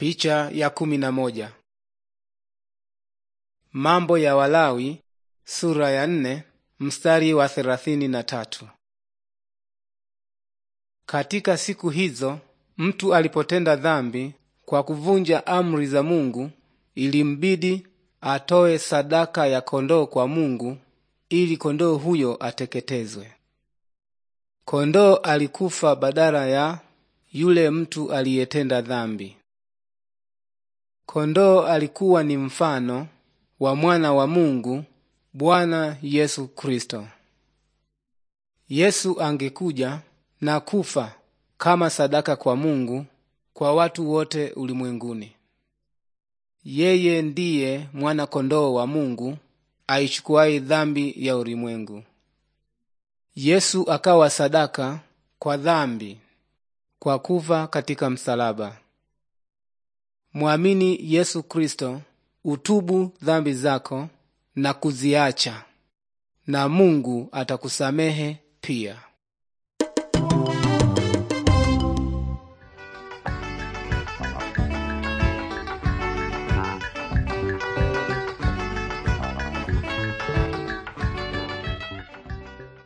Picha ya kumi na moja. Mambo ya Walawi sura ya nne mstari wa thelathini na tatu. Katika siku hizo mtu alipotenda dhambi kwa kuvunja amri za Mungu ilimbidi atoe sadaka ya kondoo kwa Mungu ili kondoo huyo ateketezwe. Kondoo alikufa badala ya yule mtu aliyetenda dhambi. Kondoo alikuwa ni mfano wa mwana wa Mungu Bwana Yesu Kristo. Yesu angekuja na kufa kama sadaka kwa Mungu kwa watu wote ulimwenguni. Yeye ndiye mwana kondoo wa Mungu aichukuaye dhambi ya ulimwengu. Yesu akawa sadaka kwa dhambi kwa kufa katika msalaba mwamini Yesu Kristo, utubu dhambi zako na kuziacha, na Mungu atakusamehe pia.